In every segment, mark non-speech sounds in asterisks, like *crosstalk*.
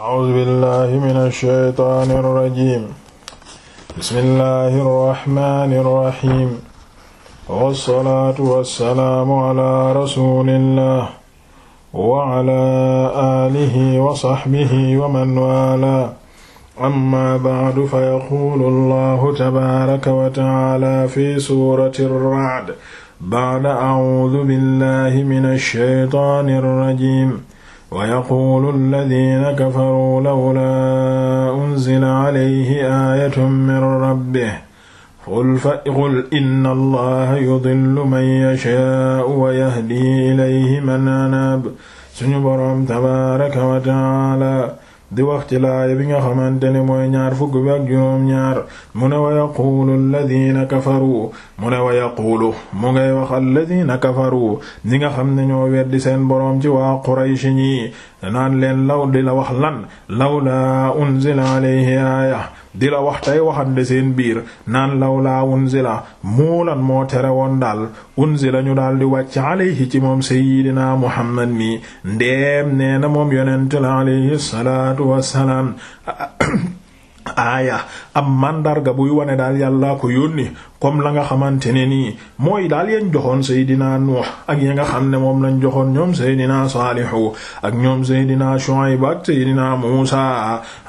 A'uuzu billaahi mina shaytaani rajiim. Bismillaahi rahmaani rahiim. Wassalaatu wassalaamu alaa rasuulillaah wa alaa aalihi wa sahbihi wa man waalaa. Ammaa ba'du fayaquulu Allaahu tabaaraka wa ta'aalaa fi suurati ar-Ra'd ba'da a'uuzu billaahi mina shaytaani rajiim. wa yaquulu alladina kafaruu lawlaa unzila alayhi aayatun min rabbih qul inna allaha yudillu man yashaa'u wa yahdi ilayhi man anaab suñu boroom tabaaraka wa ta'aala di wax ci laaya bi nga xamante ne mooy ñaar fukk bi ak juróom-ñaar mu ne wa yaquulu alladina kafaru mu ne wa yaquulu mu ngay wax alladina kafaru ñi nga xam ne ñoo weddi seen boroom ci waa Quraysh ñi naan leen law di la wax lan law laa unzila alayhi aaya di la wax tey waxande seen biir naan lawlaa unzila mu lan moo tere woon daal unzila ñu daal di wàcc alayhi ci moom sayyidina muhammad mi ndeem nee na moom yonent la alayhi salaatu wassalaam *coughs* aaya am mandarga buy wane daal yàllaa ko yónni comme la nga xamante ne nii mooy daal yañ joxoon Seydina Nuux ak ya nga xam ne moom lañ joxoon ñoom Seydina Saalihu ak ñoom Seydina Shuayb ak Seydina Muusa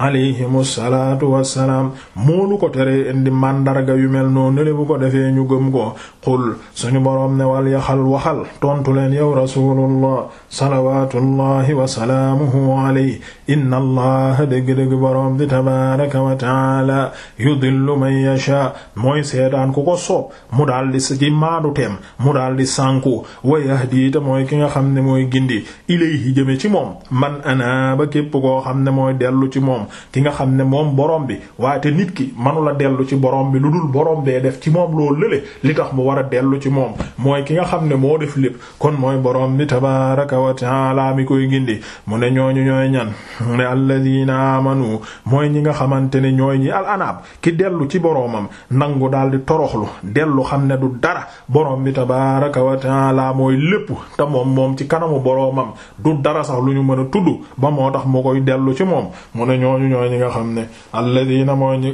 alayhimu salaatu wassalaam moolu ko teree indi màndarga yu mel noonu ne bu ko defee ñu gëm ko qul suñu boroom ne wal yaxal waxal tontu leen yow rasulullah salawaatullahi wa salaamuhu alayhi inna allaha dëgg-dëgg boroom di tabaaraka wa taala yudillu man yasha mooy seetaan ko ku ko soob mu daal di ci maadu teem mu daal di sànku wa yahdi te mooy ki nga xam ne mooy gindi ilayhi jëme ci moom man anaaba képp koo xam ne mooy dellu ci moom ki nga xam ne moom boroom bi waaye te nit ki manula dellu ci borom bi lu dul borom bee def ci moom loo lële li tax mu war a dellu ci moom mooy ki nga xam ne moo def kon mooy borom bi tabaaraka wa ta'aala mi koy gindi mu ne ñooñu ñooy ñan mu ne alladina amanu mooy ñi nga xamante ne ñooy ñi al anaab ki dellu ci boromam nangu daal torox toroxlu dellu xam ne du dara borom bi tabaaraka wa laa mooy lépp te moom moom ci kanamu boromam du dara sax lu ñu mën a tudd ba moo tax mu koy dellu ci moom mu ne ñooñu ñooñu nga xam ne alladina mooy ñi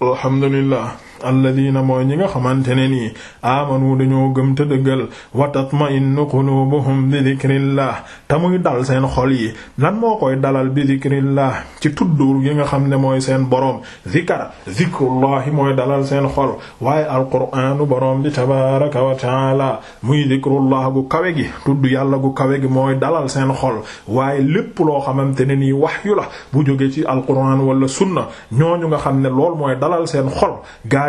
alhamdulillah alladina mooy ñi nga xamante ne nii amanu dañoo gëm te dëggal wa tatma'innu qulubuhum bi dhikrillah te muy dal seen xol yi lan moo koy dalal bi dhikrillah ci tuddur yi nga xam ne mooy seen boroom zikar zikrullahi mooy dalal seen xol waaye alqur'aanu boroom bi tabaraka wa taala muy zikrullah gu kawe gi tudd yàlla gu kawe gi mooy dalal seen xol waaye lépp loo xamante ne nii wahyu la bu jóge ci alqur'aan wala sunna ñooñu nga xam ne lool mooy dalal seen xol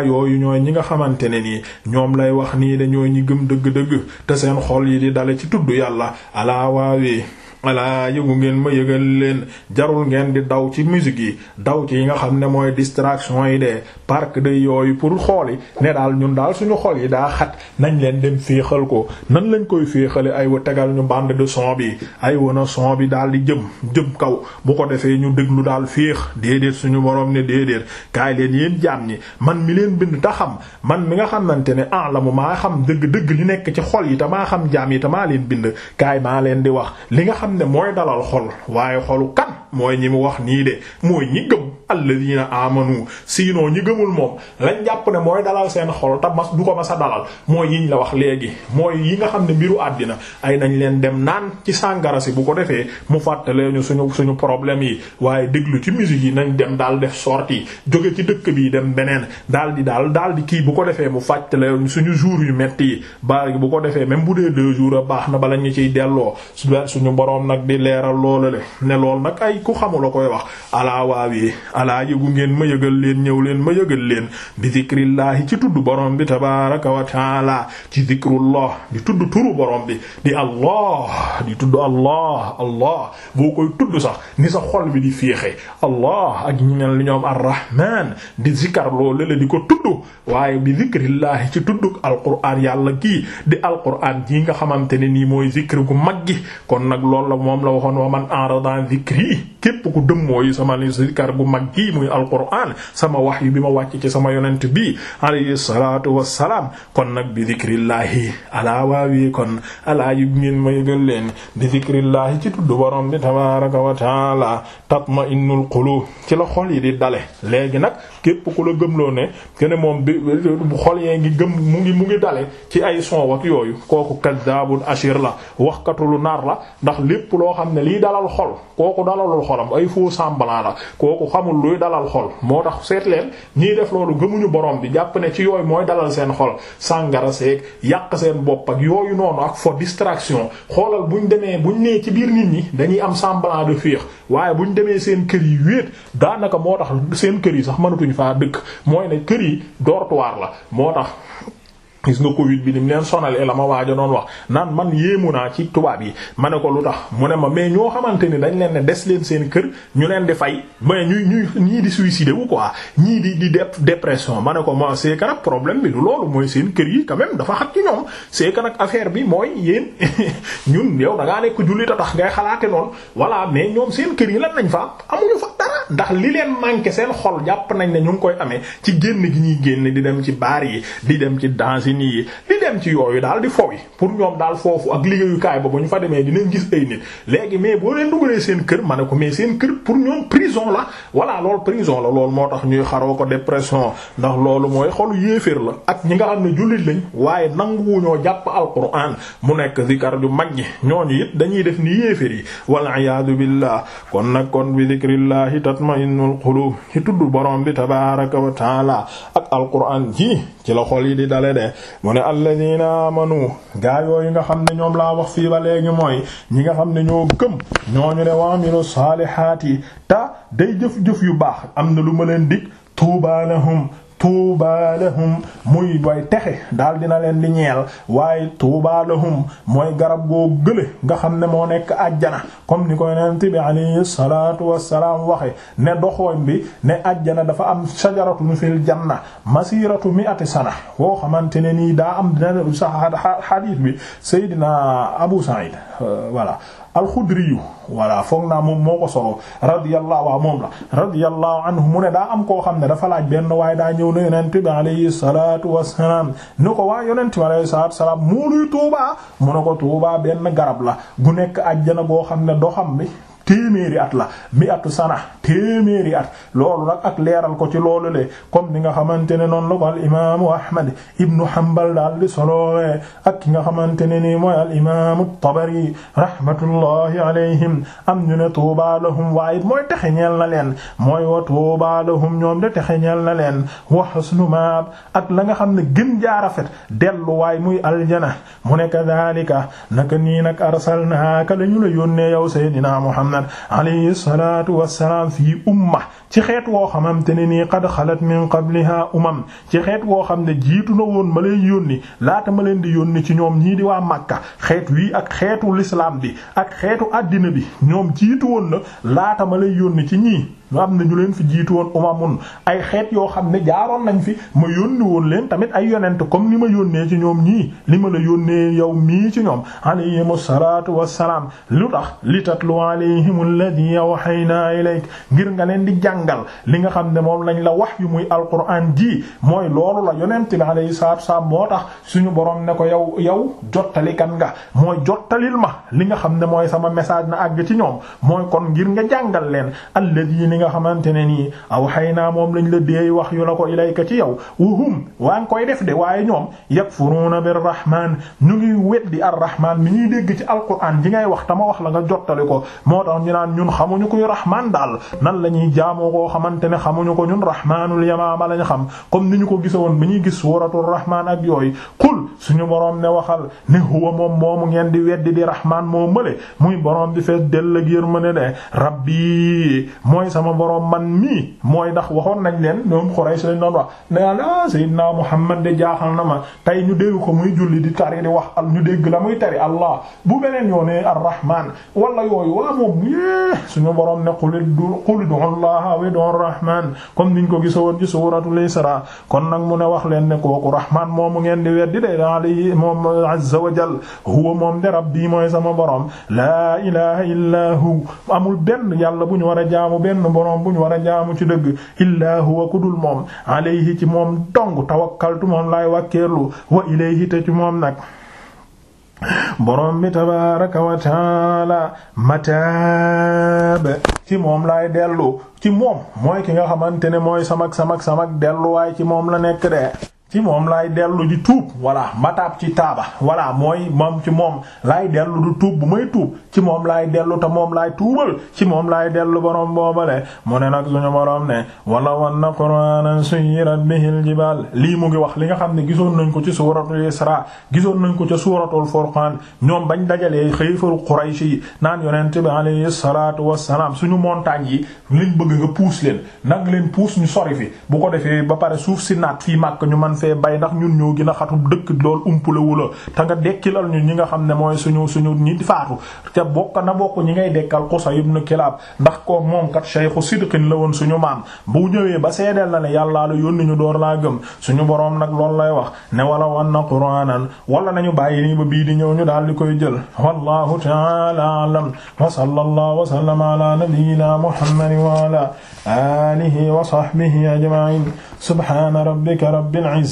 gaa yooyu ñooy ñi nga xamante ne nii ñoom lay wax nii dañoo ñi gëm dëgg-dëgg te seen xol yi di dale ci tudd yàlla alaa waawee voilà yëgu ngeen ma yëgal leen jarul ngeen di daw ci musique yi daw ci yi nga xam ne mooy distraction yi de parc de yooyu pour xooli ne daal ñun daal suñu xol yi daal xat nañ leen dem féexal ko nan lañ koy féexale ay wa tegal ñu bande de son bi ay wa na son bi daal di jëm jëm kaw bu ko defee ñu déglu daal féex déedéet suñu borom ne déedéet kaay leen yéen jaam ñi man mi leen bind ta xam man mi nga xamante ne ah la mu maa xam dëgg dëgg li nekk ci xol yi te xam jaam yi te leen bind kaay maa leen di wax xam ne mooy dalal xol waaye xolu kan mooy ñi mu wax nii de mooy ñi gëm alladina amanu sinon ñi gëmul moom lañ jàpp ne mooy dalal seen xol ta mas du ko ma a dalal mooy yiñ la wax léegi mooy yi nga xam ne mbiru àddina ay nañ leen dem naan ci sàngara si bu ko defee mu fàttalee ñu suñu suñu problème yi waaye déglu ci musique yi nañ dem daal def sortie jóge ci dëkk bi dem beneen daal di daal daal di kii bu ko defee mu fàttalee ñu suñu jour yu metti yi ba bu ko defee même bu dee deux jour a baax na bala ñu ciy delloo suñu borom boroom nag di leeral loolu le ne lool nag ay ku xamula koy wax alaa waawee alaa yëgu ngeen ma yëgal leen ñëw leen ma yëgal leen bi zikrillaahi ci tudd boroom bi tabaaraka wa taala ci zikrullah di tudd turu bo bi di allah di tudd allah allah boo koy tudd sax ni sa xol bi di fiixe allah ak ñu mel ni ñoom arrahman di zikar loolu le di ko tudd waaye bi zikrillaahi ci tudd alquraan yàlla kii di alquraan ji nga xamante ne nii mooy zikr gu mag gi kon nag lool la moom la waxoon wa man a'rada an dhikri képp ku dëm mooy sama li zikar gu mag gi muy alquran sama wax yu bi ma wàcc ci sama yonent bi alayhi salatu wassalaam kon nag bi zikrillahi alaa waawee kon alaa yu ngeen may gën leen bi zikrillahi ci tudd borom bi tabaraka wa taala tatma innul qulub ci la xol yi di dale léegi nag képp ku la gëmloo ne kene moom bi xol yee ngi gëm mu ngi dale ci ay son ak yooyu kooku kaddaabul ashir la waxkatulu nar la ndax lépp loo xam ne lii dalal xol xolam ay faux semblant la kooku xamul luy dalal xol moo tax seet leen ñii def loolu gëmuñu borom bi jàpp ne ci yooyu mooy dalal seen xol sàngara seeg yàq seen bopp ak yooyu noonu ak foo distraction xoolal buñ demee buñ nee ci biir nit ñi dañuy am sambalan de féex waaye buñ demee seen kër yi wéet daanaka moo tax seen kër yi sax mënatuñ faa dëkk mooy ne kër yi dortoir la moo tax gis nga Covid bi ni mu leen sonalee eh, la ma waaja doon wax naan man yéemu naa ci tubaab yi ma ne ko lu tax mu ne ma mais ñoo xamante ni dañ leen ne des leen seen kër ñu leen di fay ma mais ñuy ñu ñii di suicider wu quoi ñii di di dépression ma ne ko ma c'est problème bi du mooy seen kër yi quand dafa xat ci ñoom c'est que nag affaire bi mooy yéen *laughs* ñun yow da ngaa nekk jullit a tax ngay xalaate noonu am mais ñoom seen kër yi lan lañ fa amuñu fa. ndax li leen manqué seen xol jàpp nañ ne ñu ngi koy amee ci génn gi ñuy génn di dem ci baar yi di dem ci dansini yi di dem ci yooyu daal di fowi pour ñoom daal foofu ak liggéeyukaay ba bu ñu fa demee dinañ gis ay nit léegi mais boo leen dugalee seen kër ma ne ko mais seen kër pour ñoom prison la voilà loolu prison la loolu moo tax ñuy xaroo ko dépression ndax loolu mooy xolu yéeféer la ak ñi nga xam ne jullit lañ waaye nanguwu ñoo jàpp alquran mu nekk zikar ju mag ñi ñooñu it dañuy def ni yéeféer yi wal iyaadu billah kon nag kon bi ma qulub ci tudd borom bi tabaaraka wa taala ak alquran ji ci la xol yi di dale de mu ne alladina amanu gaa yooyu nga xam ne ñoom laa wax fii ba léegi mooy ñi nga xam ne ñoo gëm ñooñu ne waamilu saalihaati ta day jëf-jëf yu baax am na lu ma leen dig tuuba tuuba lahum muy way texe daal dina leen di ñeel waaye tuuba lahum mooy garab goo gële nga xam ne moo nekk ajjana comme ni ko yonent bi alayhi salaatu wassalaam waxe ne doxoon bi ne ajjana dafa am shajaratun fil janna masiratu mi'ati sana woo xamante ne nii daa am dina sax xadiis bi Seydina Abu Sa'id euh, voilà alxudriyu voilà foog naa moom moo ko solo radiyallahu waaw moom la radiyallahu anhu mu ne daa am koo xam ne dafa laaj benn waaye daa ñëw na yonent bi alayhi salatu wasalaam ni ko waa yonent bi alayhi salatu wasalaam moo luy tuubaa mu ne ko tuubaa benn garab la gu nekk àjjana goo xam ne doxam bi téeméeri at la mi atu sana téeméeri at loolu nag ak leeral ko ci loolu le comme ni nga xamante ne noonu la ko al imaamu Ahmad ibnu Hanbal daal di solowee ak ki nga xamante ne nii mooy al imaamu Tabari rahmatullahi alayhim am ñu ne tuuba lahum waaye mooy texe ñeel na leen mooy wa tuuba lahum ñoom de texe ñeel na leen wa husnu maab ak la nga xam ne gën jaa rafet delluwaay muy aljana mu ne kadhalika naka nii nag arsalnaaka lañu la yónnee yow Seydina Muhammad Muhammad alayhi salaatu wassalaam fii umma ci xeet woo xamante ne nii qad xalat min qabliha umam ci xeet woo xam ne jiitu na woon ma leen yónni laata ma leen di yónni ci ñoom ñii di waa Makka xeet wii ak xeetu lislaam bi ak xeetu àddina bi ñoom jiitu woon na laata ma lay yónni ci ñii ñu am na ñu leen fi jiitu woon umamun ay xeet xam ne jaaroon nañ fi ma yónni woon leen tamit ay yonent comme ni ma yónnee ci ñoom ñii li ma la yónnee yow mii ci ñoom alayhim asalatu wassalaam lu tax li tatlu alayhim alladhi awhayna ilayk ngir nga leen di jàngal li nga xam ne moom lañ la wax yu muy alquran ji mooy loolu la yonent bi alayhi salatu wassalaam moo tax suñu borom ne ko yow yow jottali nga mooy jottalil ma li nga xam ne mooy sama message na àgg ci ñoom mooy kon ngir nga jàngal leen alladhi nga xamante ne nii aw xay naa moom lañ la déey wax yu la ko ilayka ci yow wahum waa ngi koy def de waaye ñoom yakfuruuna bir rahman ñu ngi weddi ar rahman mi ñuy dégg ci alquran ji ngay wax tama wax la nga jottali ko moo tax ñu naan ñun xamuñu koy rahman daal nan la ñuy jaamoo koo xamante ne xamuñu ko ñun rahmanul yamaama lañ xam comme ni ñu ko gisawoon bi ñuy gis suuratul rahman ak yooyu qul suñu boroom ne waxal ne huwa moom moomu ngeen di weddi di rahman moo mële muy boroom di fees dell ak yërmande de rabbi mooy sama sama borom man mii mooy ndax waxoon nañ leen ñoom Quraysh lañ doon wax naan ah Seydina Muhammad de jaaxal na ma tey ñu dégg ko muy julli di tari di wax ñu dégg la muy tari allah bu beneen yoonee ar-Rahman wala yooyu waa moom suñu borom ne qul qul ud'u Allah aw ud'u ar-Rahman comme niñ ko gi gisoon ci suuratul Isra kon nag mu ne wax leen ne kooku Rahman moomu ngeen di weddi de alayhi moom azza wa jal huwa moom de rabbi mooy sama borom la ilaha illa hu amul benn yàlla bu ñu war a jaamu benn borom bu ñu war a jaamu ci dëgg illaa huwa ku dul moom alayhi ci moom dong tawakkaltu moom laay wàkkeerlu wa ilayhi te ci moom nag borom bi tabaaraka wa taala mataab ci moom lay dellu ci moom mooy ki nga xamante ne mooy samak samak samak delluwaay ci moom la nekk de ci moom laay dellu di tuub voilà mataab ci taaba voilà mooy moom ci moom laay dellu du tuub bu may tuub ci moom laay dellu te moom laay tuubal ci moom laay dellu borom boobale mu ne nag suñu borom ne wala wanna qur'anan suyirat bihil jibal lii mu wax li nga xam ne gisoon nañ ko ci suratul isra gisoon nañ ko ci suratul furqan ñoom bañ dajalee xëyfaru quraysh yi naan yonent bi alayhi salatu wassalaam suñu montagnes yi liñ bëgg nga puus leen nag leen puus ñu sori fi bu ko defee ba pare suuf si naat fii màkk ñu man fee bay ndax ñun ñoo gën a xatu dëkk lool umpalewula te nga dekkilal ñu ñi nga xam ne mooy su suñu ñi faatu te bokk na bokk ñi ngay dekkal Qusay ibn Kilab ndax ko moom kat shaykhu sidqin la woon suñu maam bu ñëwee ba seedeel na ne yàllaa la yónni ñu door laa gëm suñu boroom nag loolu lay wax ne wala wan na qur'aanan wala nañu bàyyi nii ba bii di ñëw ñu daal di koy jël wallahu ta'ala a'lam wa sallallahu wa sallama ala nabiyyina muhammadin wa ala alihi wa sahbihi ajma'in subhana a rabbil izzati